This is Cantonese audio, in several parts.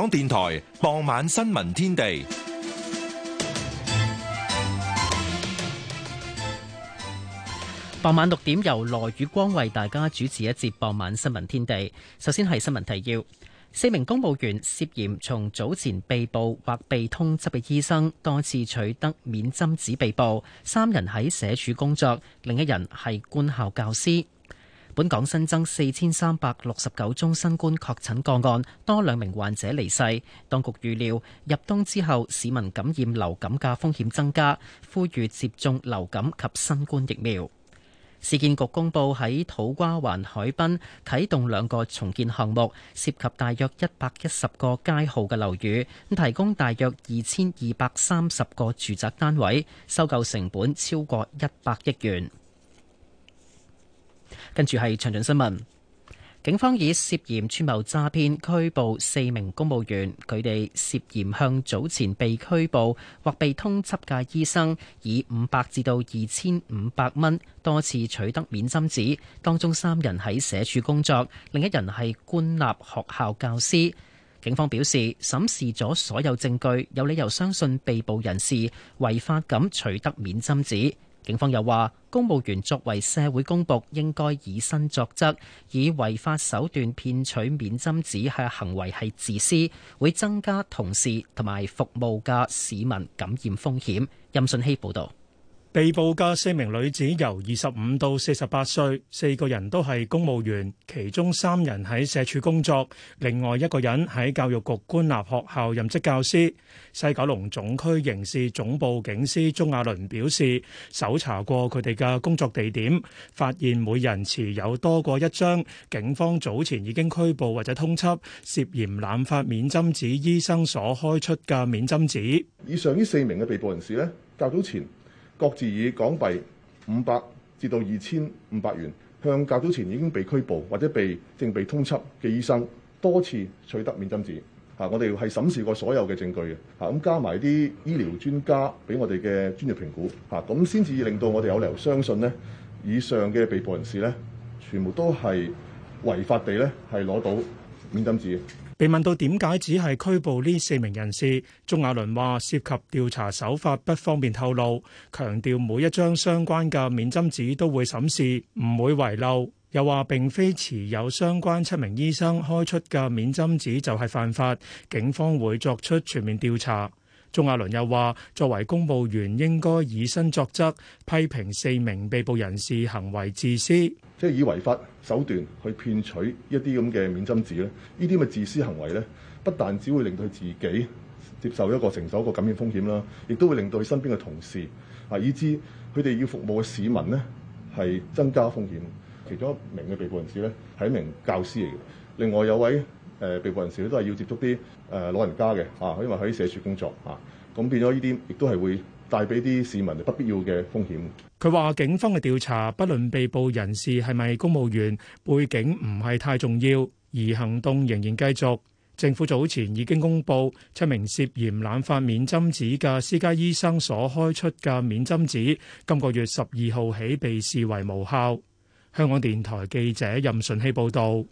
港電台傍晚新聞天地，傍晚六點由羅宇光為大家主持一節傍晚新聞天地。首先係新聞提要：四名公務員涉嫌從早前被捕或被通緝嘅醫生，多次取得免針紙被捕。三人喺社署工作，另一人係官校教師。本港新增四千三百六十九宗新冠確診個案，多兩名患者離世。當局預料入冬之後市民感染流感嘅風險增加，呼籲接種流感及新冠疫苗。市建局公布喺土瓜灣海濱啟動兩個重建項目，涉及大約一百一十個街號嘅樓宇，提供大約二千二百三十個住宅單位，收購成本超過一百億元。跟住係詳盡新聞，警方以涉嫌串謀詐騙拘捕四名公務員，佢哋涉嫌向早前被拘捕或被通緝嘅醫生以五百至到二千五百蚊，多次取得免針紙，當中三人喺社署工作，另一人係官立學校教師。警方表示審視咗所有證據，有理由相信被捕人士違法咁取得免針紙。警方又話，公務員作為社會公僕，應該以身作則，以違法手段騙取免針紙嘅行為係自私，會增加同事同埋服務嘅市民感染風險。任信希報導。被捕嘅四名女子由二十五到四十八歲，四個人都係公務員，其中三人喺社署工作，另外一個人喺教育局官立學校任職教師，西九龍總區刑事總部警司鍾亞倫表示，搜查過佢哋嘅工作地點，發現每人持有多過一張警方早前已經拘捕或者通緝涉嫌濫發免針紙醫生所開出嘅免針紙，以上呢四名嘅被捕人士咧，較早前，各自以港幣五百至到二千五百元，向較早前已經被拘捕或者被正被通緝嘅醫生多次取得免針紙。啊，我哋係審視過所有嘅證據嘅。啊，咁加埋啲醫療專家俾我哋嘅專業評估。啊，咁先至令到我哋有理由相信咧，以上嘅被捕人士咧，全部都係違法地咧係攞到免針紙嘅。被問到點解只係拘捕呢四名人士，鍾亞倫話涉及調查手法不方便透露，強調每一張相關嘅免針紙都會審視，唔會遺漏。又話並非持有相關七名醫生開出嘅免針紙就係犯法，警方會作出全面調查。鍾亞倫又話：作為公務員，應該以身作則，批評四名被捕人士行為自私，即係以違法手段去騙取一啲咁嘅免針紙咧，呢啲咪自私行為咧？不但只會令到佢自己接受一個承受一個感染風險啦，亦都會令到佢身邊嘅同事啊，以至佢哋要服務嘅市民呢，係增加風險。其中一名嘅被捕人士咧係一名教師嚟嘅，另外有位。誒被捕人士都係要接觸啲誒老人家嘅嚇，因為喺社署工作嚇，咁變咗呢啲亦都係會帶俾啲市民不必要嘅風險。佢話警方嘅調查，不論被捕人士係咪公務員背景唔係太重要，而行動仍然繼續。政府早前已經公布七名涉嫌濫發免針紙嘅私家醫生所開出嘅免針紙，今個月十二號起被視為無效。香港電台記者任順熙報導。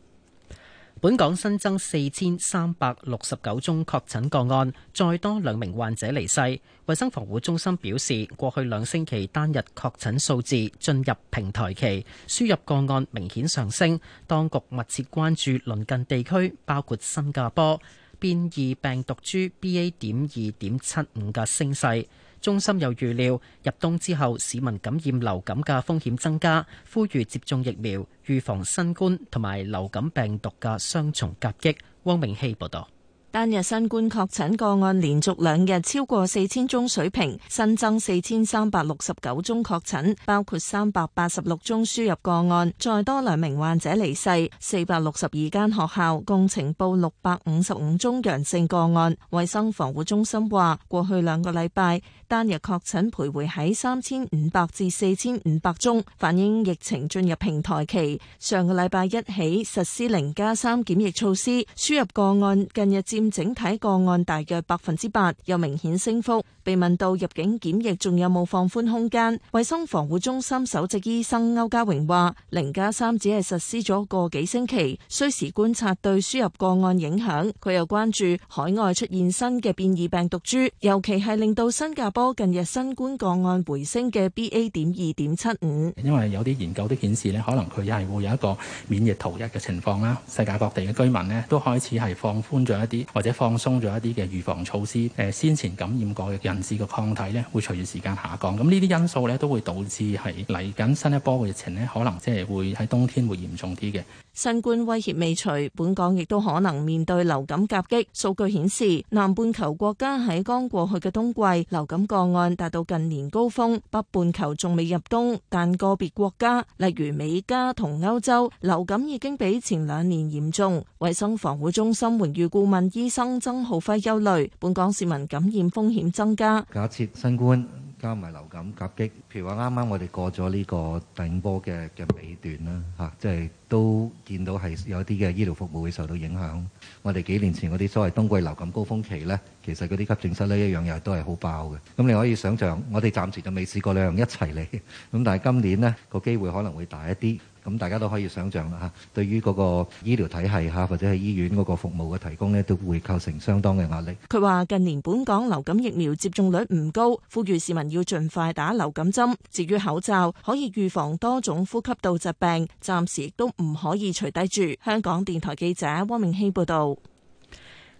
本港新增四千三百六十九宗確診個案，再多兩名患者離世。衛生防護中心表示，過去兩星期單日確診數字進入平台期，輸入個案明顯上升。當局密切關注鄰近地區，包括新加坡變異病毒株 BA 點二點七五嘅升勢。中心有預料，入冬之後市民感染流感嘅風險增加，呼籲接種疫苗預防新冠同埋流感病毒嘅雙重夾擊。汪明熙報導。單日新冠確診個案連續兩日超過四千宗水平，新增四千三百六十九宗確診，包括三百八十六宗輸入個案，再多兩名患者離世。四百六十二間學校共呈報六百五十五宗陽性個案。衛生防護中心話，過去兩個禮拜單日確診徘徊喺三千五百至四千五百宗，反映疫情進入平台期。上個禮拜一起實施零加三檢疫措施，輸入個案近日至。佔整體個案大約百分之八，有明顯升幅。被問到入境檢疫仲有冇放寬空間，衛生防護中心首席醫生歐家榮話：零加三只係實施咗個幾星期，需時觀察對輸入個案影響。佢又關注海外出現新嘅變異病毒株，尤其係令到新加坡近日新冠個案回升嘅 BA 點二點七五。因為有啲研究都顯示呢，可能佢係會有一個免疫逃逸嘅情況啦。世界各地嘅居民呢，都開始係放寬咗一啲。或者放鬆咗一啲嘅預防措施，誒、呃、先前感染過嘅人士嘅抗體咧，會隨住時間下降，咁呢啲因素咧都會導致係嚟緊新一波嘅疫情咧，可能即係會喺冬天會嚴重啲嘅。新冠威脅未除，本港亦都可能面對流感夾擊。數據顯示，南半球國家喺剛過去嘅冬季流感個案達到近年高峰，北半球仲未入冬，但個別國家，例如美加同歐洲，流感已經比前兩年嚴重。衛生防護中心榮譽顧問醫生曾浩輝憂慮，本港市民感染風險增加。假設新冠加埋流感夾擊，譬如話啱啱我哋過咗呢個第五波嘅嘅尾段啦，嚇、啊，即係都見到係有啲嘅醫療服務會受到影響。我哋幾年前嗰啲所謂冬季流感高峰期咧，其實嗰啲急症室咧一樣又都係好爆嘅。咁你可以想象，我哋暫時就未試過兩樣一齊嚟。咁但係今年咧個機會可能會大一啲。咁大家都可以想象啦吓，對於嗰個醫療體系吓，或者喺醫院嗰個服務嘅提供咧，都會構成相當嘅壓力。佢話近年本港流感疫苗接種率唔高，呼籲市民要盡快打流感針，至於口罩，可以預防多種呼吸道疾病，暫時亦都唔可以除低住。香港電台記者汪明希報道。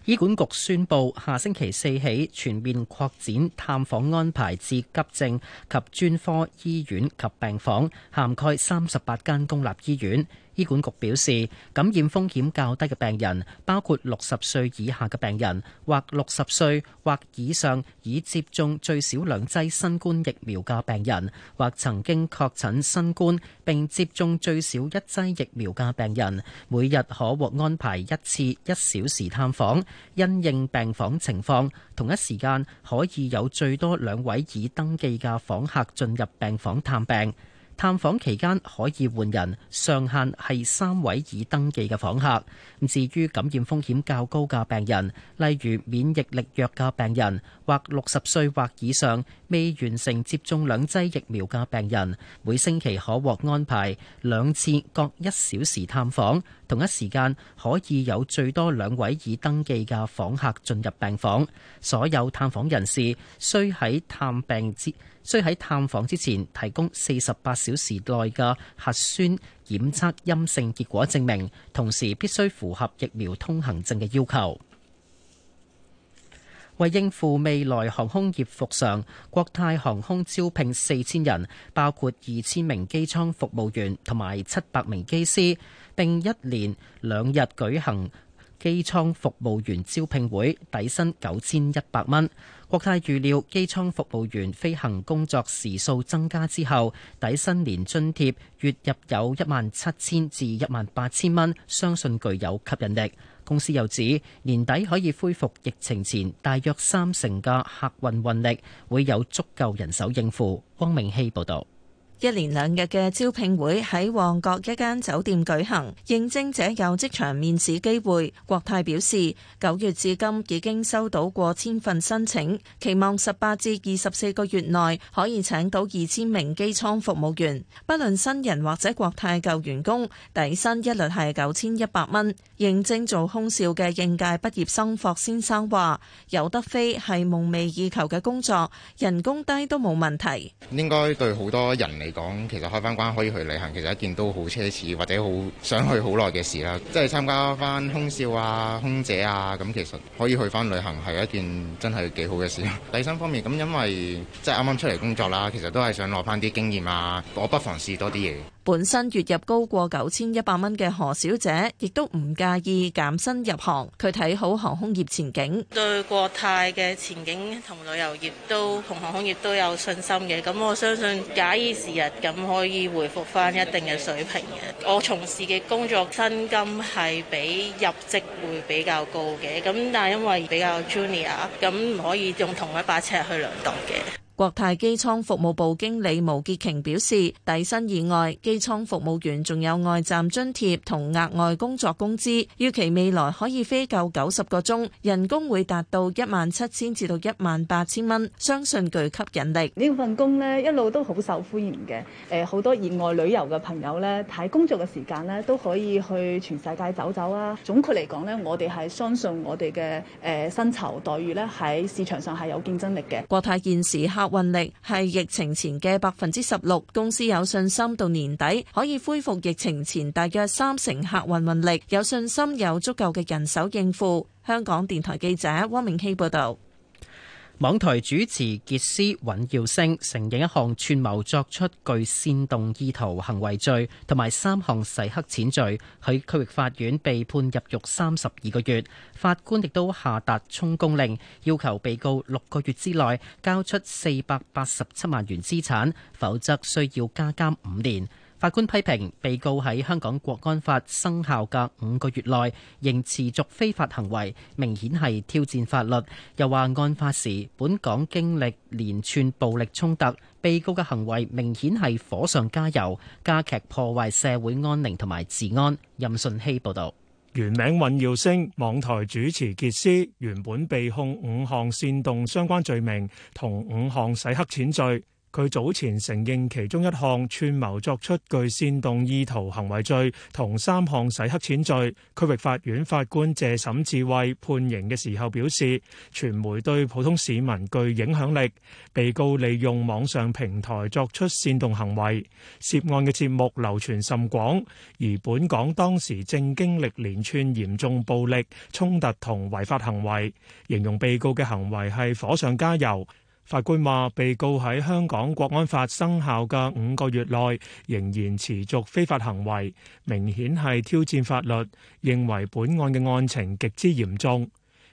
醫管局宣佈，下星期四起全面擴展探訪安排至急症及專科醫院及病房，涵蓋三十八間公立醫院。醫管局表示，感染風險較低嘅病人，包括六十歲以下嘅病人，或六十歲或以上已接種最少兩劑新冠疫苗嘅病人，或曾經確診新冠並接種最少一劑疫苗嘅病人，每日可獲安排一次一小時探訪，因應病房情況，同一時間可以有最多兩位已登記嘅訪客進入病房探病。探訪期間可以換人，上限係三位已登記嘅訪客。至於感染風險較高嘅病人，例如免疫力弱嘅病人，或六十歲或以上，未完成接種兩劑疫苗嘅病人，每星期可獲安排兩次各一小時探訪，同一時間可以有最多兩位已登記嘅訪客進入病房。所有探訪人士需喺探病之需喺探訪之前提供四十八小時內嘅核酸檢測陰性結果證明，同時必須符合疫苗通行證嘅要求。為應付未來航空業復常，國泰航空招聘四千人，包括二千名機艙服務員同埋七百名機師，並一連兩日舉行機艙服務員招聘會，底薪九千一百蚊。國泰預料機艙服務員飛行工作時數增加之後，底薪年津貼月入有一萬七千至一萬八千蚊，相信具有吸引力。公司又指，年底可以恢復疫情前大約三成嘅客運運力，會有足夠人手應付。汪明希報道。一連兩日嘅招聘會喺旺角一間酒店舉行，應徵者有職場面試機會。國泰表示，九月至今已經收到過千份申請，期望十八至二十四個月內可以請到二千名機艙服務員。不論新人或者國泰舊員工，底薪一律係九千一百蚊。應徵做空少嘅應屆畢業生霍先生話，有得飛係夢寐以求嘅工作，人工低都冇問題。應該對好多人嚟講。嚟講，其實開翻關可以去旅行，其實一件都好奢侈，或者好想去好耐嘅事啦。即係參加翻空少啊、空姐啊，咁其實可以去翻旅行係一件真係幾好嘅事。底薪方面，咁因為即係啱啱出嚟工作啦，其實都係想攞翻啲經驗啊，我不妨試多啲嘢。本身月入高過九千一百蚊嘅何小姐，亦都唔介意減薪入行。佢睇好航空業前景，對國泰嘅前景同旅遊業都同航空業都有信心嘅。咁我相信假以時日，咁可以回復翻一定嘅水平嘅。我從事嘅工作薪金係比入職會比較高嘅，咁但係因為比較 junior，咁唔可以用同一把尺去量度嘅。國泰機艙服務部經理毛潔瓊表示，底薪以外，機艙服務員仲有外站津貼同額外工作工資，預期未來可以飛夠九十個鐘，人工會達到一萬七千至到一萬八千蚊，相信具吸引力。呢份工呢一路都好受歡迎嘅，誒，好多熱愛旅遊嘅朋友呢，睇工作嘅時間呢都可以去全世界走走啊。總括嚟講呢，我哋係相信我哋嘅誒薪酬待遇呢喺市場上係有競爭力嘅。國泰現時運力係疫情前嘅百分之十六，公司有信心到年底可以恢復疫情前大約三成客運運力，有信心有足夠嘅人手應付。香港電台記者汪明希報道。網台主持傑斯尹耀升承認一項串謀作出具煽動意圖行為罪，同埋三項洗黑錢罪，喺區域法院被判入獄三十二個月。法官亦都下達充公令，要求被告六個月之內交出四百八十七萬元資產，否則需要加監五年。法官批評被告喺香港國安法生效隔五個月內仍持續非法行為，明顯係挑戰法律。又話案發時本港經歷連串暴力衝突，被告嘅行為明顯係火上加油，加劇破壞社會安寧同埋治安。任順熙報道，原名尹耀星，網台主持杰斯，原本被控五項煽動相關罪名同五項洗黑錢罪。佢早前承認其中一項串謀作出具煽動意圖行為罪同三項洗黑錢罪。區域法院法官謝沈智慧判刑嘅時候表示，傳媒對普通市民具影響力，被告利用網上平台作出煽動行為，涉案嘅節目流傳甚廣。而本港當時正經歷連串嚴重暴力衝突同違法行為，形容被告嘅行為係火上加油。法官話：被告喺香港國安法生效嘅五個月內，仍然持續非法行為，明顯係挑戰法律。認為本案嘅案情極之嚴重。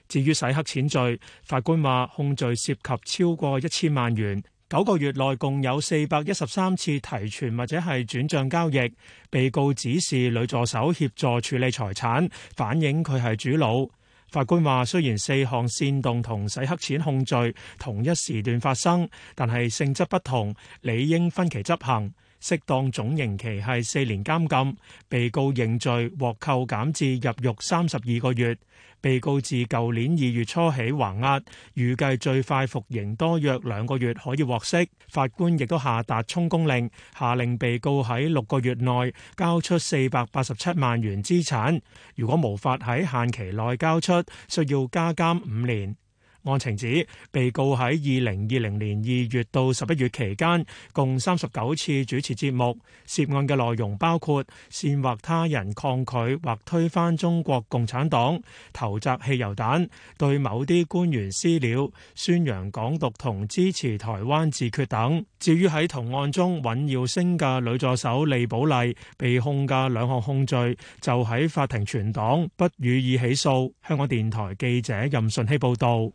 至於洗黑錢罪，法官話控罪涉及超過一千萬元，九個月內共有四百一十三次提存或者係轉賬交易。被告指示女助手協助處理財產，反映佢係主腦。法官話：雖然四項煽動同洗黑錢控罪同一時段發生，但係性質不同，理應分期執行。適當總刑期係四年監禁，被告認罪獲扣減至入獄三十二個月。被告自舊年二月初起還押，預計最快服刑多約兩個月可以獲釋。法官亦都下達充公令，下令被告喺六個月內交出四百八十七萬元資產。如果無法喺限期內交出，需要加監五年。案情指被告喺二零二零年二月到十一月期間，共三十九次主持節目，涉案嘅內容包括煽惑他人抗拒或推翻中國共產黨、投擲汽油彈、對某啲官員私了、宣揚港獨同支持台灣自決等。至於喺同案中尹耀昇嘅女助手李寶麗，被控嘅兩項控罪就喺法庭存檔，不予以起訴。香港電台記者任順希報導。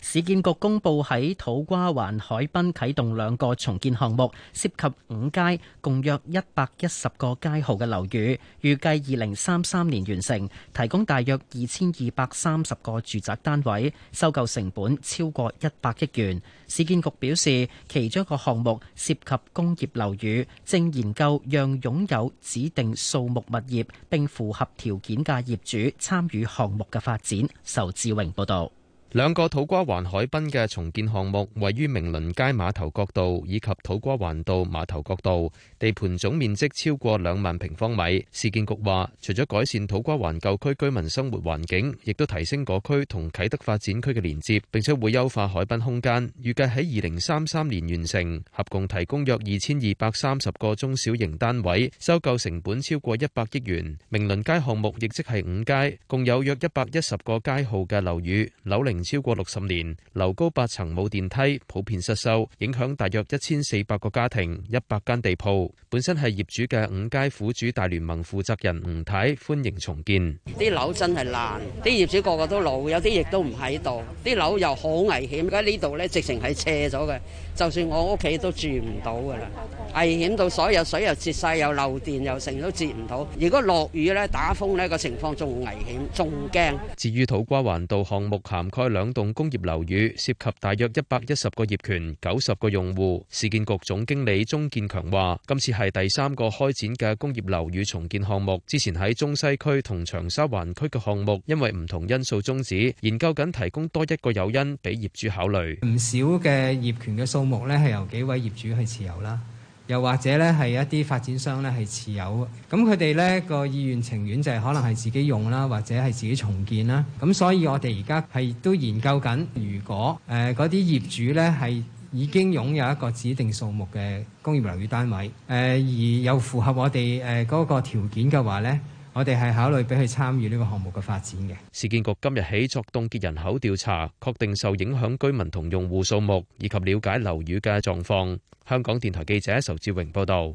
市建局公布，喺土瓜灣海濱啟動兩個重建項目，涉及五街，共約一百一十個街號嘅樓宇，預計二零三三年完成，提供大約二千二百三十個住宅單位，收購成本超過一百億元。市建局表示，其中一個項目涉及工業樓宇，正研究讓擁有指定數目物業並符合條件嘅業主參與項目嘅發展。仇志榮報道。兩個土瓜灣海濱嘅重建項目位於明倫街、馬頭角道以及土瓜灣道、馬頭角道，地盤總面積超過兩萬平方米。市建局話，除咗改善土瓜灣舊區居民生活環境，亦都提升嗰區同啟德發展區嘅連接，並且會優化海濱空間。預計喺二零三三年完成，合共提供約二千二百三十個中小型單位，收購成本超過一百億元。明倫街項目亦即係五街，共有約一百一十個街號嘅樓宇，樓齡超過六十年，樓高八層冇電梯，普遍失修，影響大約一千四百個家庭、一百間地鋪。本身係業主嘅五街苦主大聯盟負責人吳太歡迎重建。啲樓真係爛，啲業主個個都老，有啲亦都唔喺度。啲樓又好危險，而家呢度咧直情係斜咗嘅，就算我屋企都住唔到噶啦，危險到所有水又折晒，又漏電又成都折唔到。如果落雨咧、打風咧，個情況仲危險，仲驚。至於土瓜灣道項目涵蓋。兩棟工業樓宇涉及大約一百一十個業權、九十個用戶。市建局總經理鍾建強話：今次係第三個開展嘅工業樓宇重建項目，之前喺中西區同長沙灣區嘅項目，因為唔同因素終止，研究緊提供多一個誘因俾業主考慮。唔少嘅業權嘅數目呢，係由幾位業主去持有啦。又或者咧，係一啲發展商咧係持有，咁佢哋咧個意願情願就係可能係自己用啦，或者係自己重建啦。咁所以我哋而家係都研究緊，如果誒嗰啲業主咧係已經擁有一個指定數目嘅工業樓宇單位，誒、呃、而又符合我哋誒嗰個條件嘅話咧。我哋係考慮俾佢參與呢個項目嘅發展嘅。市建局今日起作凍結人口調查，確定受影響居民同用戶數目，以及了解樓宇嘅狀況。香港電台記者仇志榮報道。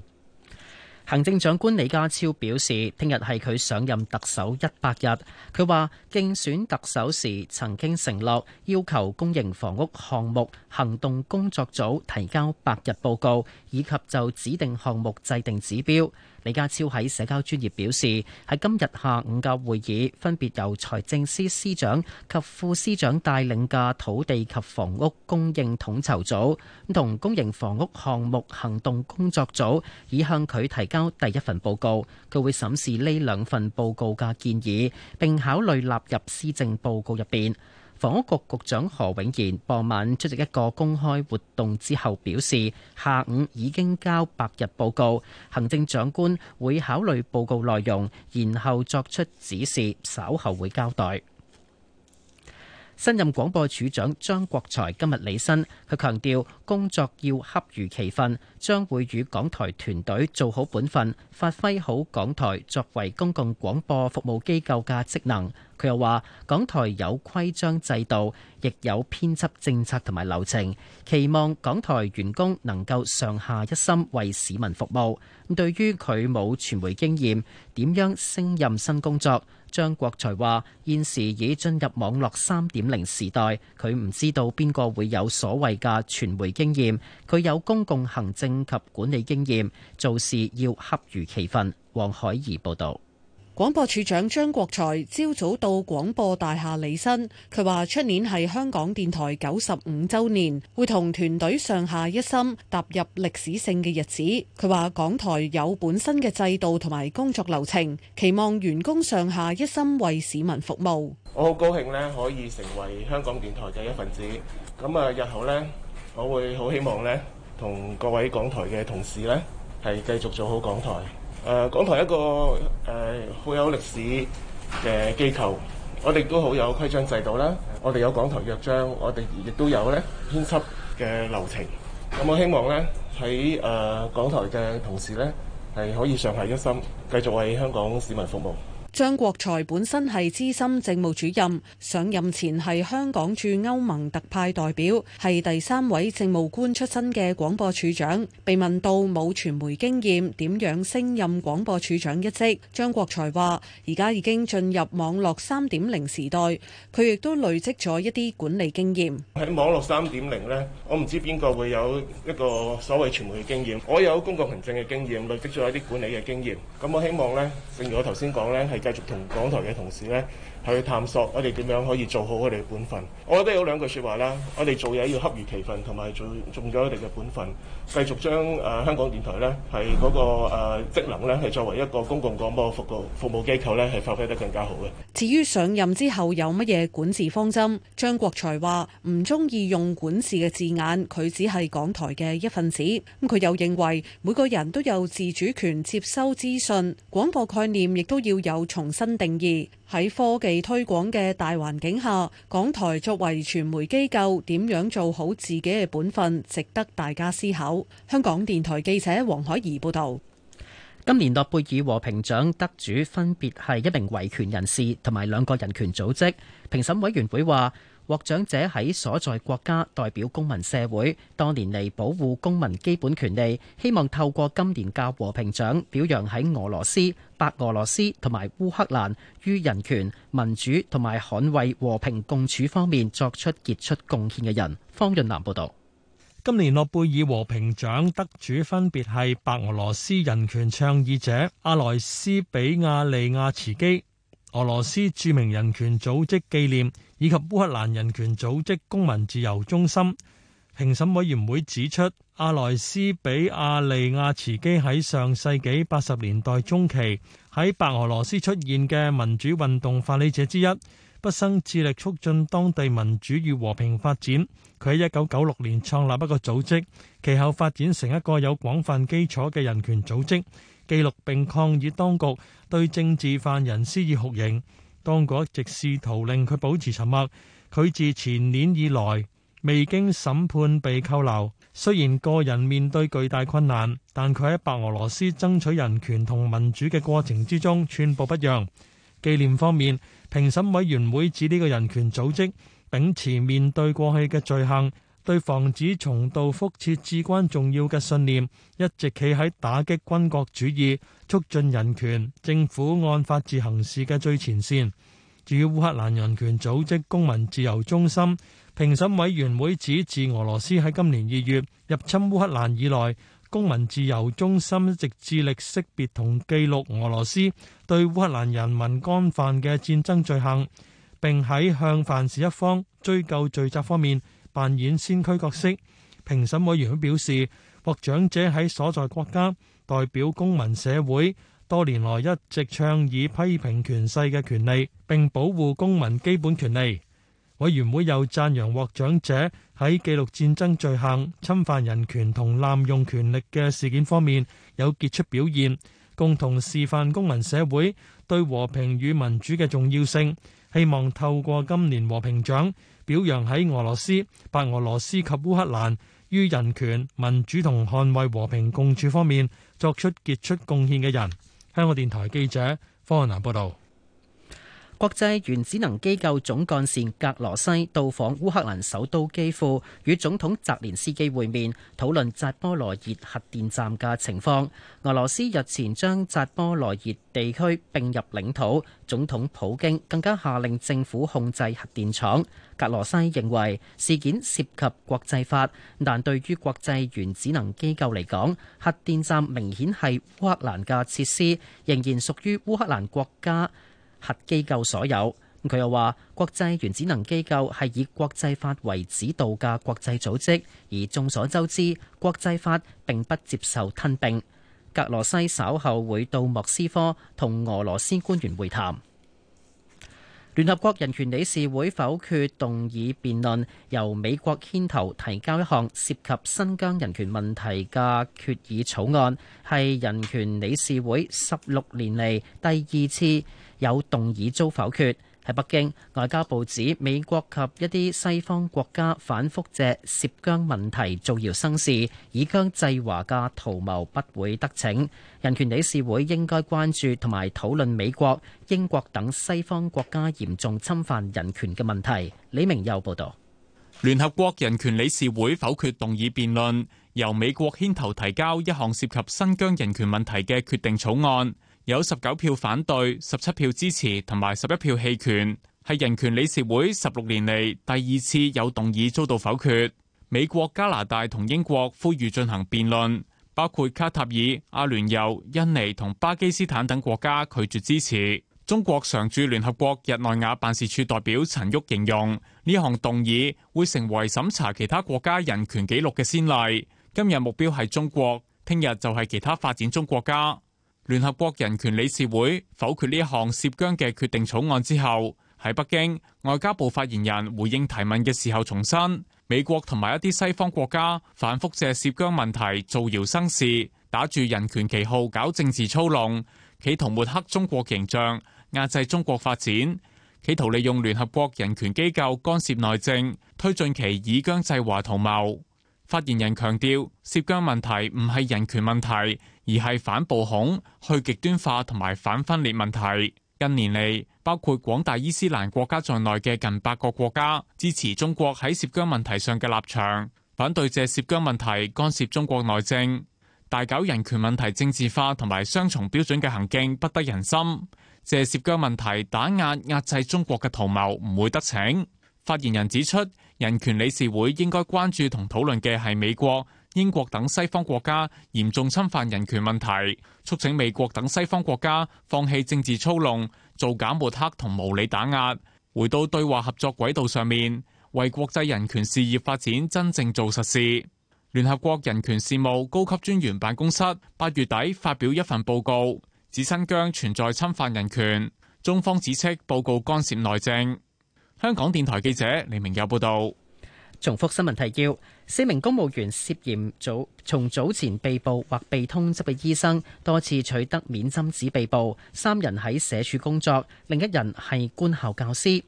行政長官李家超表示，聽日係佢上任特首一百日。佢話競選特首時曾經承諾，要求公營房屋項目行動工作組提交百日報告，以及就指定項目制定指標。李家超喺社交專業表示，喺今日下午嘅會議，分別由財政司司長及副司長帶領嘅土地及房屋供應統籌組同公營房屋項目行動工作組，已向佢提交第一份報告。佢會審視呢兩份報告嘅建議，並考慮納入施政報告入邊。房屋局局長何永賢傍晚出席一個公開活動之後，表示下午已經交百日報告，行政長官會考慮報告內容，然後作出指示，稍後會交代。新任廣播處長張國財今日履新，佢強調工作要恰如其分，將會與港台團隊做好本分，發揮好港台作為公共廣播服務機構嘅職能。佢又話，港台有規章制度，亦有編輯政策同埋流程，期望港台員工能夠上下一心為市民服務。對於佢冇傳媒經驗，點樣升任新工作？張國才話：現時已進入網絡三點零時代，佢唔知道邊個會有所謂嘅傳媒經驗。佢有公共行政及管理經驗，做事要恰如其分。黃海怡報道。廣播處長張國財朝早到廣播大廈履新，佢話出年係香港電台九十五周年，會同團隊上下一心，踏入歷史性嘅日子。佢話港台有本身嘅制度同埋工作流程，期望員工上下一心，為市民服務。我好高興呢，可以成為香港電台嘅一份子。咁啊，日後呢，我會好希望呢，同各位港台嘅同事呢係繼續做好港台。誒、呃、港台一個誒好、呃、有歷史嘅機構，我哋都好有規章制度啦。我哋有港台約章，我哋亦都有咧編輯嘅流程。咁我希望咧喺誒港台嘅同事咧係可以上下一心，繼續為香港市民服務。張國財本身係資深政務主任，上任前係香港駐歐盟特派代表，係第三位政務官出身嘅廣播處長。被問到冇傳媒經驗，點樣升任廣播處長一職，張國財話：而家已經進入網絡三點零時代，佢亦都累積咗一啲管理經驗。喺網絡三點零呢，我唔知邊個會有一個所謂傳媒嘅經驗，我有公共行政嘅經驗，累積咗一啲管理嘅經驗。咁我希望呢，正如我頭先講呢，係。繼續同港台嘅同事咧，去探索我哋點樣可以做好我哋嘅本分。我覺得有兩句說話啦，我哋做嘢要恰如其分，同埋做重咗我哋嘅本分，繼續將誒、呃、香港電台咧係嗰個誒職、呃、能咧係作為一個公共廣播服務服務機構咧係發揮得更加好嘅。至於上任之後有乜嘢管治方針，張國才話唔中意用管治嘅字眼，佢只係港台嘅一份子。咁佢又認為每個人都有自主權接收資訊，廣播概念亦都要有重新定義。喺科技推廣嘅大環境下，港台作為傳媒機構，點樣做好自己嘅本分，值得大家思考。香港電台記者黃海怡報道，今年諾貝爾和平獎得主分別係一名維權人士同埋兩個人權組織。評審委員會話：獲獎者喺所在國家代表公民社會，多年嚟保護公民基本權利。希望透過今年屆和平獎，表揚喺俄羅斯、白俄羅斯同埋烏克蘭於人權、民主同埋捍衛和平共處方面作出傑出貢獻嘅人。方潤南報道，今年諾貝爾和平獎得主分別係白俄羅斯人權倡議者阿萊斯比亞利亞茨基，俄羅斯著名人權組織紀念。以及烏克蘭人權組織公民自由中心，評審委員會指出，阿萊斯比亞利亞茨基喺上世紀八十年代中期喺白俄羅斯出現嘅民主運動發起者之一，畢生致力促進當地民主與和平發展。佢喺一九九六年創立一個組織，其後發展成一個有廣泛基礎嘅人權組織，記錄並抗議當局對政治犯人施以酷刑。當局一直試圖令佢保持沉默。佢自前年以來未經審判被扣留。雖然個人面對巨大困難，但佢喺白俄羅斯爭取人權同民主嘅過程之中寸步不讓。紀念方面，評審委員會指呢個人權組織秉持面對過去嘅罪行，對防止重蹈覆轍至關重要嘅信念，一直企喺打擊軍國主義、促進人權、政府按法治行事嘅最前線。至於烏克蘭人權組織公民自由中心評審委員會指，自俄羅斯喺今年二月入侵烏克蘭以來，公民自由中心一直致力識別同記錄俄羅斯對烏克蘭人民干犯嘅戰爭罪行，並喺向犯事一方追究罪責方面。扮演先驅角色，評審委員會表示，獲獎者喺所在國家代表公民社會，多年來一直倡議批評權勢嘅權利，並保護公民基本權利。委員會又讚揚獲獎者喺記錄戰爭罪行、侵犯人權同濫用權力嘅事件方面有傑出表現，共同示範公民社會對和平與民主嘅重要性，希望透過今年和平獎，表揚喺俄羅斯、白俄羅斯及烏克蘭於人權、民主同捍衛和平共處方面作出傑出貢獻嘅人。香港電台記者方南報道。國際原子能機構總幹事格羅西到訪烏克蘭首都基輔，與總統澤連斯基會面，討論扎波羅熱核電站嘅情況。俄羅斯日前將扎波羅熱地區並入領土，總統普京更加下令政府控制核電廠。格羅西認為事件涉及國際法，但對於國際原子能機構嚟講，核電站明顯係烏克蘭嘅設施，仍然屬於烏克蘭國家。核機構所有。佢又話：國際原子能機構係以國際法為指導嘅國際組織，而眾所周知，國際法並不接受吞併。格羅西稍後會到莫斯科同俄羅斯官員會談。聯合國人權理事會否決動議辯論，由美國牽頭提交一項涉及新疆人權問題嘅決議草案，係人權理事會十六年嚟第二次。有動議遭否決。喺北京，外交部指美國及一啲西方國家反覆借涉疆問題造謠生事，以疆制華嘅圖謀不會得逞。人權理事會應該關注同埋討論美國、英國等西方國家嚴重侵犯人權嘅問題。李明佑報導。聯合國人權理事會否決動議辯論，由美國牽頭提交一項涉及新疆人權問題嘅決定草案。有十九票反對，十七票支持，同埋十一票棄權，係人權理事會十六年嚟，第二次有動議遭到否決。美國、加拿大同英國呼籲進行辯論，包括卡塔爾、阿聯酋、印尼同巴基斯坦等國家拒絕支持。中國常駐聯合國日內瓦辦事處代表陳旭形容呢項動議會成為審查其他國家人權紀錄嘅先例。今日目標係中國，聽日就係其他發展中國家。聯合國人權理事會否決呢項涉疆嘅決定草案之後，喺北京外交部發言人回應提問嘅時候重申：美國同埋一啲西方國家反覆借涉疆問題造謠生事，打住人權旗號搞政治操弄，企圖抹黑中國形象，壓制中國發展，企圖利用聯合國人權機構干涉內政，推進其以疆制華圖謀。發言人強調，涉疆問題唔係人權問題，而係反暴恐、去極端化同埋反分裂問題。近年嚟，包括廣大伊斯蘭國家在內嘅近百個國家支持中國喺涉疆問題上嘅立場，反對借涉疆問題干涉中國內政，大搞人權問題政治化同埋雙重標準嘅行徑不得人心。借涉疆問題打壓壓制中國嘅圖謀唔會得逞。發言人指出。人權理事會，應該關注同討論嘅係美國、英國等西方國家嚴重侵犯人權問題，促請美國等西方國家放棄政治操弄、造假抹黑同無理打壓，回到對話合作軌道上面，為國際人權事業發展真正做實事。聯合國人權事務高級專員辦公室，八月底發表一份報告，指新疆存在侵犯人權，中方指斥報告干涉內政。香港電台記者李明友報道：重複新聞提要，四名公務員涉嫌早從早前被捕或被通緝嘅醫生，多次取得免針紙被捕。三人喺社署工作，另一人係官校教師。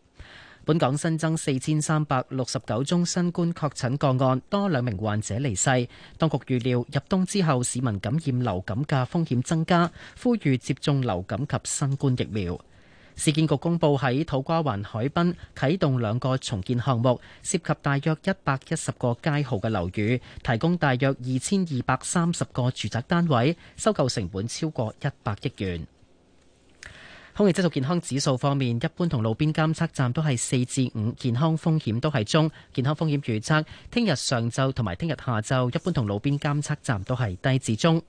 本港新增四千三百六十九宗新冠確診個案，多兩名患者離世。當局預料入冬之後市民感染流感嘅風險增加，呼籲接種流感及新冠疫苗。市建局公布喺土瓜灣海濱啟動兩個重建項目，涉及大約一百一十個街號嘅樓宇，提供大約二千二百三十個住宅單位，收購成本超過一百億元。空氣質素健康指數方面，一般同路邊監測站都係四至五，健康風險都係中。健康風險預測，聽日上晝同埋聽日下晝，一般同路邊監測站都係低至中。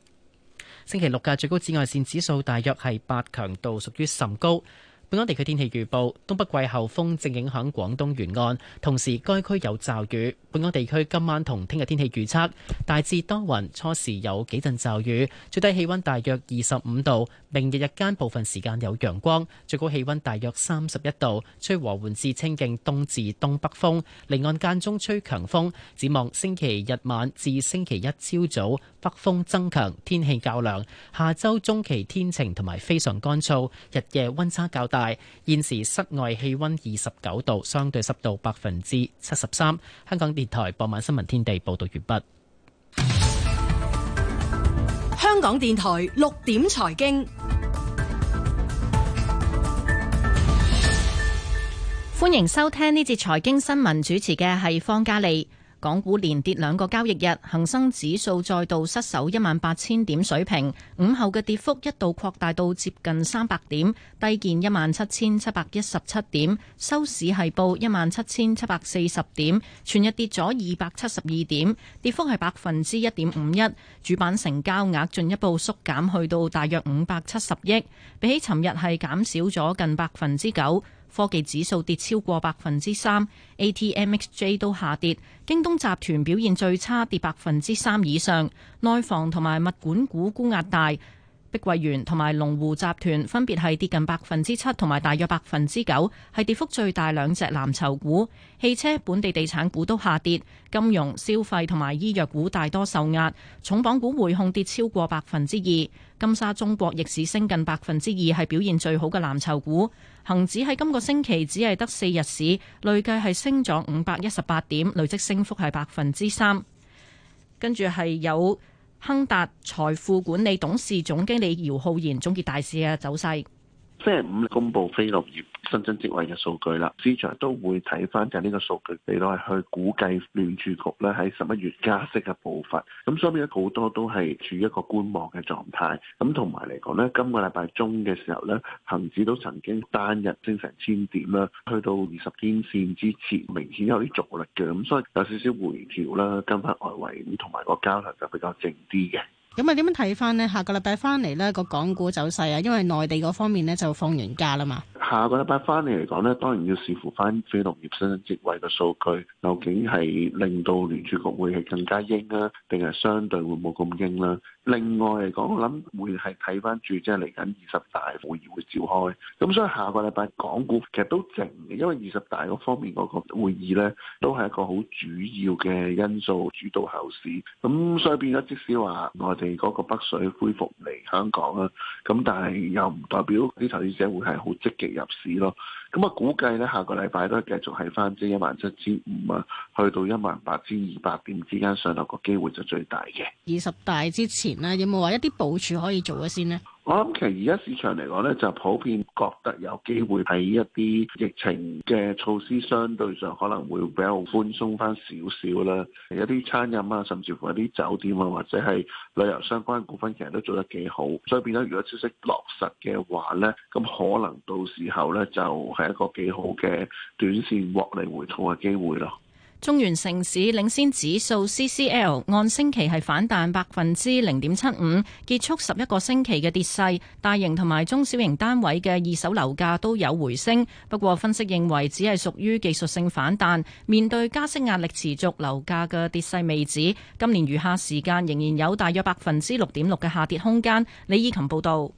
星期六嘅最高紫外線指數大約係八，強度屬於甚高。本港地區天氣預報：東北季候風正影響廣東沿岸，同時該區有驟雨。本港地區今晚同聽日天氣預測大致多雲，初時有幾陣驟雨，最低氣溫大約二十五度，明日日間部分時間有陽光，最高氣溫大約三十一度，吹和緩至清勁東至東北風，離岸間中吹強風。展望星期日晚至星期一朝早，北風增強，天氣較涼。下周中期天晴同埋非常乾燥，日夜溫差較大。現時室外氣溫二十九度，相對濕度百分之七十三。香港電台傍晚新聞天地報道完畢。香港電台六點財經，歡迎收聽呢節財經新聞，主持嘅係方嘉莉。港股連跌兩個交易日，恒生指數再度失守一萬八千點水平。午後嘅跌幅一度擴大到接近三百點，低見一萬七千七百一十七點，收市係報一萬七千七百四十點，全日跌咗二百七十二點，跌幅係百分之一點五一。主板成交額進一步縮減去到大約五百七十億，比起尋日係減少咗近百分之九。科技指數跌超過百分之三，ATMXJ 都下跌，京東集團表現最差跌，跌百分之三以上，內房同埋物管股沽壓大。碧桂園同埋龍湖集團分別係跌近百分之七同埋大約百分之九，係跌幅最大兩隻藍籌股。汽車、本地地產股都下跌，金融、消費同埋醫藥股大多受壓，重磅股匯控跌超過百分之二。金沙中國逆市升近百分之二，係表現最好嘅藍籌股。恒指喺今個星期只係得四日市，累計係升咗五百一十八點，累積升幅係百分之三。跟住係有。亨達財富管理董事總經理姚浩然總結大市嘅走勢。星期五公布非農業新增職位嘅數據啦，市場都會睇翻就係呢個數據嚟到，係去估計聯儲局咧喺十一月加息嘅步伐。咁所以咧好多都係處於一個觀望嘅狀態。咁同埋嚟講咧，今個禮拜中嘅時候咧，恒指都曾經單日升成千點啦，去到二十天線之前，明顯有啲阻力嘅。咁所以有少少回調啦，跟翻外圍，咁同埋個交投就比較靜啲嘅。咁啊，點樣睇翻呢？下個禮拜翻嚟呢，個港股走勢啊，因為內地嗰方面呢就放完假啦嘛。下個禮拜翻嚟嚟講呢，當然要視乎翻非農業新增職位嘅數據，究竟係令到聯儲局會係更加㷫啊，定係相對會冇咁㷫啦。另外嚟講，我諗會係睇翻住即係嚟緊二十大會議會召開。咁所以下個禮拜港股其實都靜嘅，因為二十大嗰方面嗰個會議咧，都係一個好主要嘅因素，主導後市。咁所以變咗，即使話我哋嗰個北水恢復嚟香港啦、啊，咁但係又唔代表啲投資者會係好積極入市咯。咁啊，我估計咧，下個禮拜都繼續喺翻即一萬七千五啊，去到一萬八千二百點之間上落個機會就最大嘅。二十大之前咧、啊，有冇話一啲部署可以做嘅先呢？我諗其實而家市場嚟講咧，就普遍覺得有機會喺一啲疫情嘅措施相對上可能會比較寬鬆返少少啦。一啲餐飲啊，甚至乎一啲酒店啊，或者係旅遊相關股份，其實都做得幾好。所以變咗，如果消息落實嘅話咧，咁可能到時候咧就係一個幾好嘅短線獲利回吐嘅機會咯。中原城市領先指數 CCL 按星期係反彈百分之零點七五，結束十一個星期嘅跌勢。大型同埋中小型單位嘅二手樓價都有回升，不過分析認為只係屬於技術性反彈。面對加息壓力持續，樓價嘅跌勢未止。今年餘下時間仍然有大約百分之六點六嘅下跌空間。李以琴報道。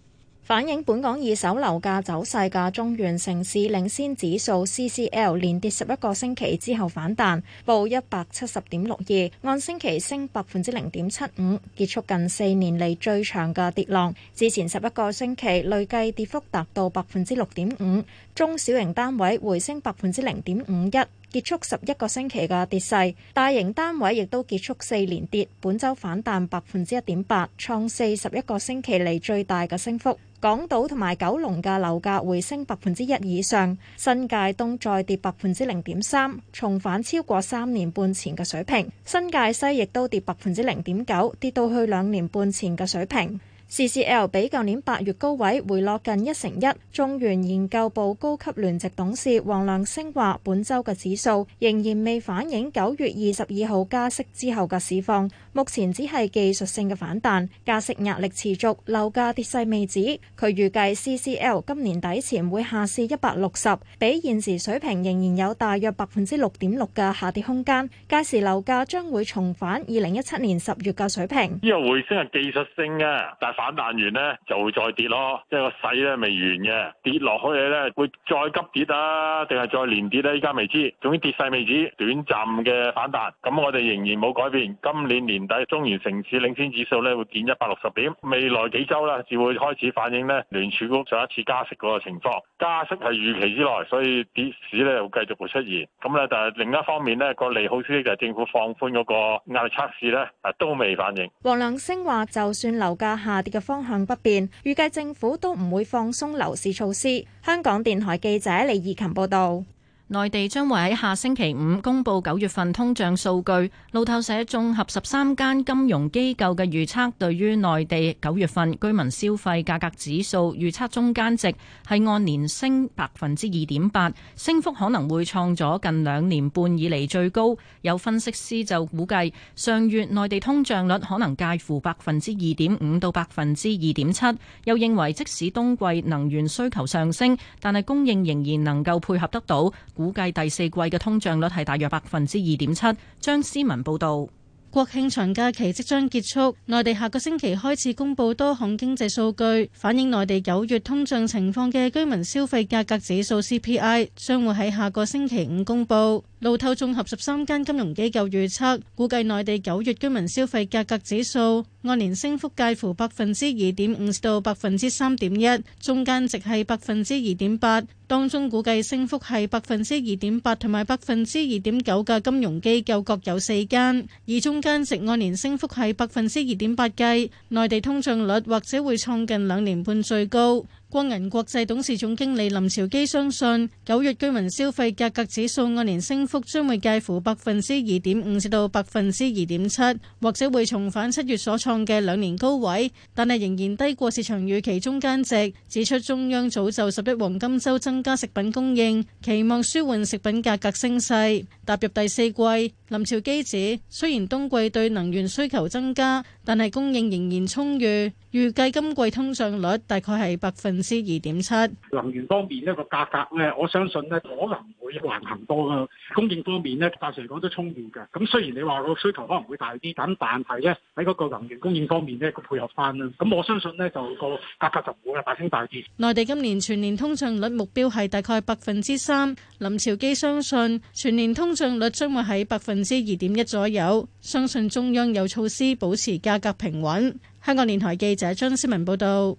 反映本港二手樓價走勢嘅中原城市領先指數 （CCL） 連跌十一個星期之後反彈，報一百七十點六二，按星期升百分之零點七五，結束近四年嚟最長嘅跌浪。之前十一個星期累計跌幅達到百分之六點五，中小型單位回升百分之零點五一，結束十一個星期嘅跌勢。大型單位亦都結束四連跌，本周反彈百分之一點八，創四十一個星期嚟最大嘅升幅。港島同埋九龍嘅樓價回升百分之一以上，新界東再跌百分之零點三，重返超過三年半前嘅水平；新界西亦都跌百分之零點九，跌到去兩年半前嘅水平。CCL 比舊年八月高位回落近一成一，中原研究部高級聯席董事黃良升話，本週嘅指數仍然未反映九月二十二號加息之後嘅市況，目前只係技術性嘅反彈，加息壓力持續，樓價跌勢未止。佢預計 CCL 今年底前會下試一百六十，比現時水平仍然有大約百分之六點六嘅下跌空間，屆時樓價將會重返二零一七年十月嘅水平。呢個回升係技術性啊，但，反彈完呢就會再跌咯，即係個勢咧未完嘅，跌落去咧會再急跌啊，定係再連跌咧？依家未知，總之跌勢未止，短暫嘅反彈。咁我哋仍然冇改變，今年年底中原城市領先指數咧會見一百六十點。未來幾週咧，就會開始反映咧聯儲局上一次加息嗰個情況。加息係預期之內，所以跌市咧會繼續會出現。咁咧但係另一方面咧個利好消息就係政府放寬嗰個壓力測試咧，都未反應。黃良昇話：就算樓價下跌，嘅方向不變，預計政府都唔會放鬆樓市措施。香港電台記者李怡琴報道。內地將會喺下星期五公布九月份通脹數據。路透社綜合十三間金融機構嘅預測，對於內地九月份居民消費價格指數預測中間值係按年升百分之二點八，升幅可能會創咗近兩年半以嚟最高。有分析師就估計，上月內地通脹率可能介乎百分之二點五到百分之二點七，又認為，即使冬季能源需求上升，但係供應仍然能夠配合得到。估計第四季嘅通脹率係大約百分之二點七。張思文報道，國慶長假期即將結束，內地下個星期開始公布多項經濟數據，反映內地九月通脹情況嘅居民消費價格指數 CPI 將會喺下個星期五公布。路透綜合十三間金融機構預測，估計內地九月居民消費價格指數。按年升幅介乎百分之二點五到百分之三點一，中間值係百分之二點八。當中估計升幅係百分之二點八同埋百分之二點九嘅金融機構各有四間。而中間值按年升幅係百分之二點八計，內地通脹率或者會創近兩年半最高。光銀國際董事總經理林朝基相信，九月居民消費價格指數按年升幅將會介乎百分之二點五至到百分之二點七，或者會重返七月所創嘅兩年高位，但係仍然低過市場預期中間值。指出中央早就十一黃金周增加食品供應，期望舒緩食品價格升勢。踏入第四季，林朝基指雖然冬季對能源需求增加，但係供應仍然充裕。預計今季通脹率大概係百分之二點七。能源方面呢個價格呢，我相信呢可能會橫行多噶供應方面呢，暫時嚟講都充裕嘅。咁雖然你話個需求可能會大啲，咁但係呢喺嗰個能源供應方面呢，個配合翻啦。咁我相信呢，就個價格就唔會啊大升大跌。內地今年全年通脹率目標係大概百分之三。林朝基相信全年通脹率將會喺百分之二點一左右，相信中央有措施保持價格平穩。香港電台記者張思文報道，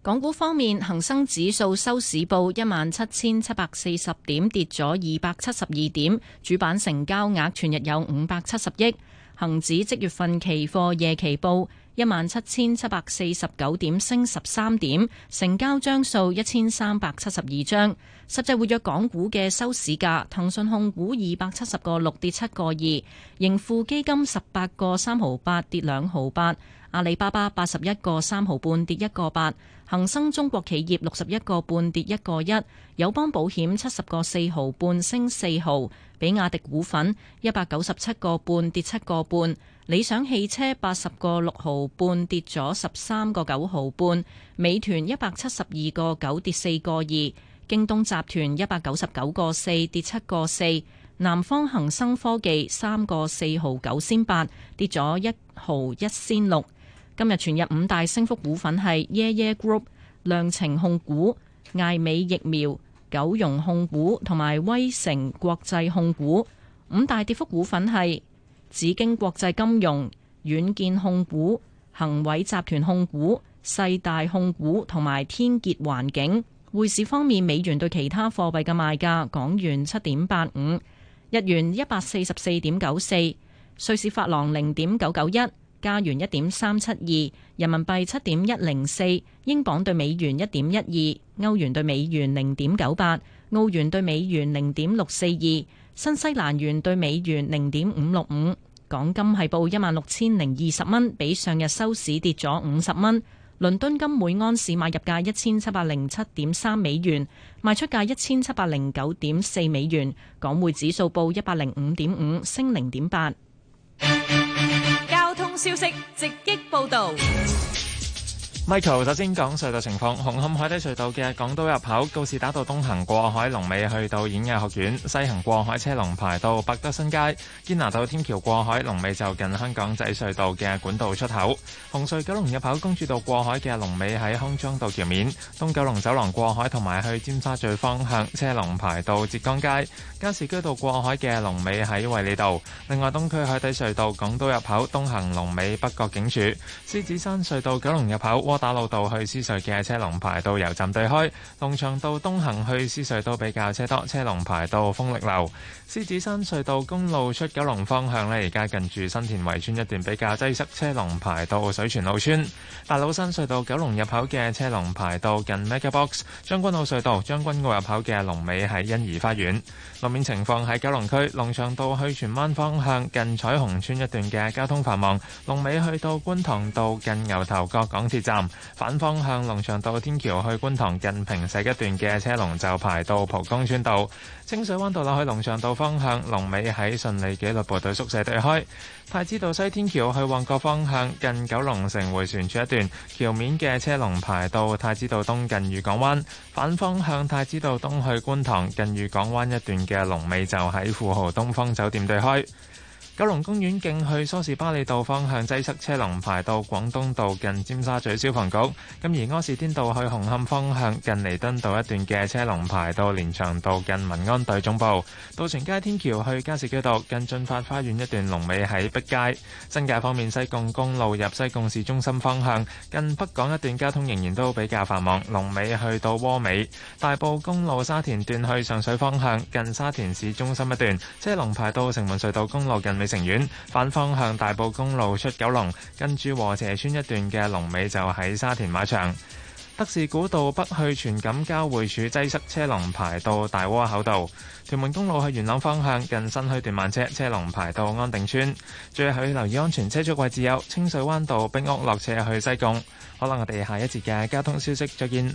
港股方面，恒生指數收市報一萬七千七百四十點，跌咗二百七十二點，主板成交額全日有五百七十億。恒指即月份期貨夜期報一萬七千七百四十九點，升十三點，成交張數一千三百七十二張。實際活躍港股嘅收市價，騰訊控股二百七十個六跌七個二，盈富基金十八個三毫八跌兩毫八。阿里巴巴八十一個三毫半跌一個八，恒生中國企業六十一個半跌一個一，友邦保險七十個四毫半升四毫，比亞迪股份一百九十七個半跌七個半，理想汽車八十個六毫半跌咗十三個九毫半，美團一百七十二個九跌四個二，京東集團一百九十九個四跌七個四，南方恒生科技三個四毫九仙八跌咗一毫一仙六。今日全日五大升幅股份係耶耶 group、量程控股、艾美疫苗、九融控股同埋威成國際控股；五大跌幅股份係紫荊國際金融、軟建控股、恒偉集團控股、世大控股同埋天杰環境。匯市方面，美元對其他貨幣嘅賣價：港元七點八五，日元一百四十四點九四，瑞士法郎零點九九一。加元一點三七二，2，人民幣七點一零四，英鎊對美元一點一二，歐元對美元零點九八，澳元對美元零點六四二，新西蘭元對美元零點五六五。港金係報一萬六千零二十蚊，比上日收市跌咗五十蚊。倫敦金每安士買入價一千七百零七點三美元，賣出價一千七百零九點四美元。港匯指數報一百零五點五，升零點八。消息直擊報道，Michael 首先講隧道情況。紅磡海底隧道嘅港島入口告士打道東行過海，龍尾去到演藝學院；西行過海車龍排到百德新街。堅拿道天橋過海，龍尾就近香港仔隧道嘅管道出口。紅隧九龍入口公主道過海嘅龍尾喺康莊道橋面。東九龍走廊過海同埋去尖沙咀方向車龍排到浙江街。加士居道過海嘅龍尾喺衛理道，另外東區海底隧道港島入口東行龍尾北角警署，獅子山隧道九龍入口窩打老道去獅隧嘅車龍排到油站對開，龍翔道東行去獅隧都比較車多，車龍排到豐力樓，獅子山隧道公路出九龍方向呢，而家近住新田圍村一段比較擠塞，車龍排到水泉澳村，大老山隧道九龍入口嘅車龍排到近 MegaBox，將軍澳隧道將軍澳入口嘅龍尾喺欣怡花園。路面情況喺九龍區龍翔道去荃灣方向近彩虹村一段嘅交通繁忙，龍尾去到觀塘道近牛頭角港鐵站，反方向龍翔道天橋去觀塘近坪石一段嘅車龍就排到蒲崗村道清水灣道落去龍翔道方向，龍尾喺順利紀律部隊宿舍對開。太子道西天橋去旺角方向，近九龍城迴旋處一段橋面嘅車龍排到太子道東近御港灣；反方向太子道東去觀塘近御港灣一段嘅龍尾就喺富豪東方酒店對開。九龍公園徑去梳士巴利道方向擠塞，車龍排到廣東道近尖沙咀消防局。咁而柯士甸道去紅磡方向近彌敦道一段嘅車龍排到連翔道近民安隊總部。渡船街天橋去加士居道近駿發花園一段龍尾喺碧街。新界方面，西貢公路入西貢市中心方向近北港一段交通仍然都比較繁忙，龍尾去到窩美，大埔公路沙田段去上水方向近沙田市中心一段車龍排到城門隧道公路近尾。城苑反方向大埔公路出九龍，跟住和斜村一段嘅龍尾就喺沙田馬場。德士古道北去荃錦交匯處擠塞，車龍排到大窩口道。屯門公路去元朗方向近新墟段慢車，車龍排到安定村。最後留意安全車速位置有清水灣道、冰屋落斜去西貢。好啦，我哋下一節嘅交通消息再見。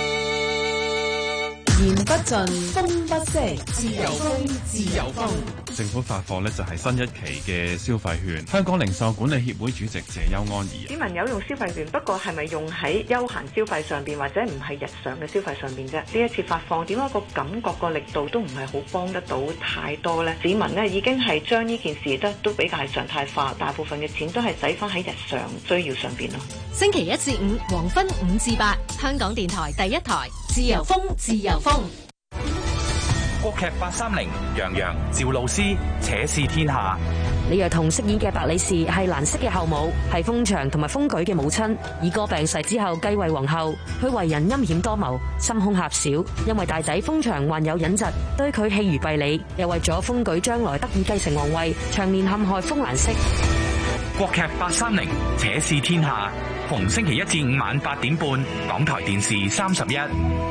言不盡，風不息，自由風，自由風。政府發放呢就係新一期嘅消費券。香港零售管理協會主席謝邱安儀，指市民有用消費券，不過係咪用喺休閒消費上邊或者唔係日常嘅消費上邊啫？呢一次發放點解個感覺、個力度都唔係好幫得到太多呢？市民呢已經係將呢件事都都比較係常態化，大部分嘅錢都係使翻喺日常需要上邊咯。星期一至五黃昏五至八，香港電台第一台，自由風，自由風。國劇八三零，楊洋、趙露思，且試天下。李若彤飾演嘅白李氏係蘭色嘅後母，係封長同埋封舉嘅母親。二哥病逝之後繼位皇后，佢為人陰險多謀，心胸狹小。因為大仔封長患有隱疾，對佢棄如敝屣，又為咗封舉將來得以繼承皇位，長年陷害封蘭色。國劇八三零，且試天下，逢星期一至五晚八點半，港台電視三十一。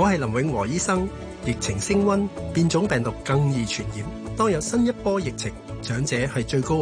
我係林永和醫生，疫情升溫，變種病毒更易傳染。當有新一波疫情，長者係最高。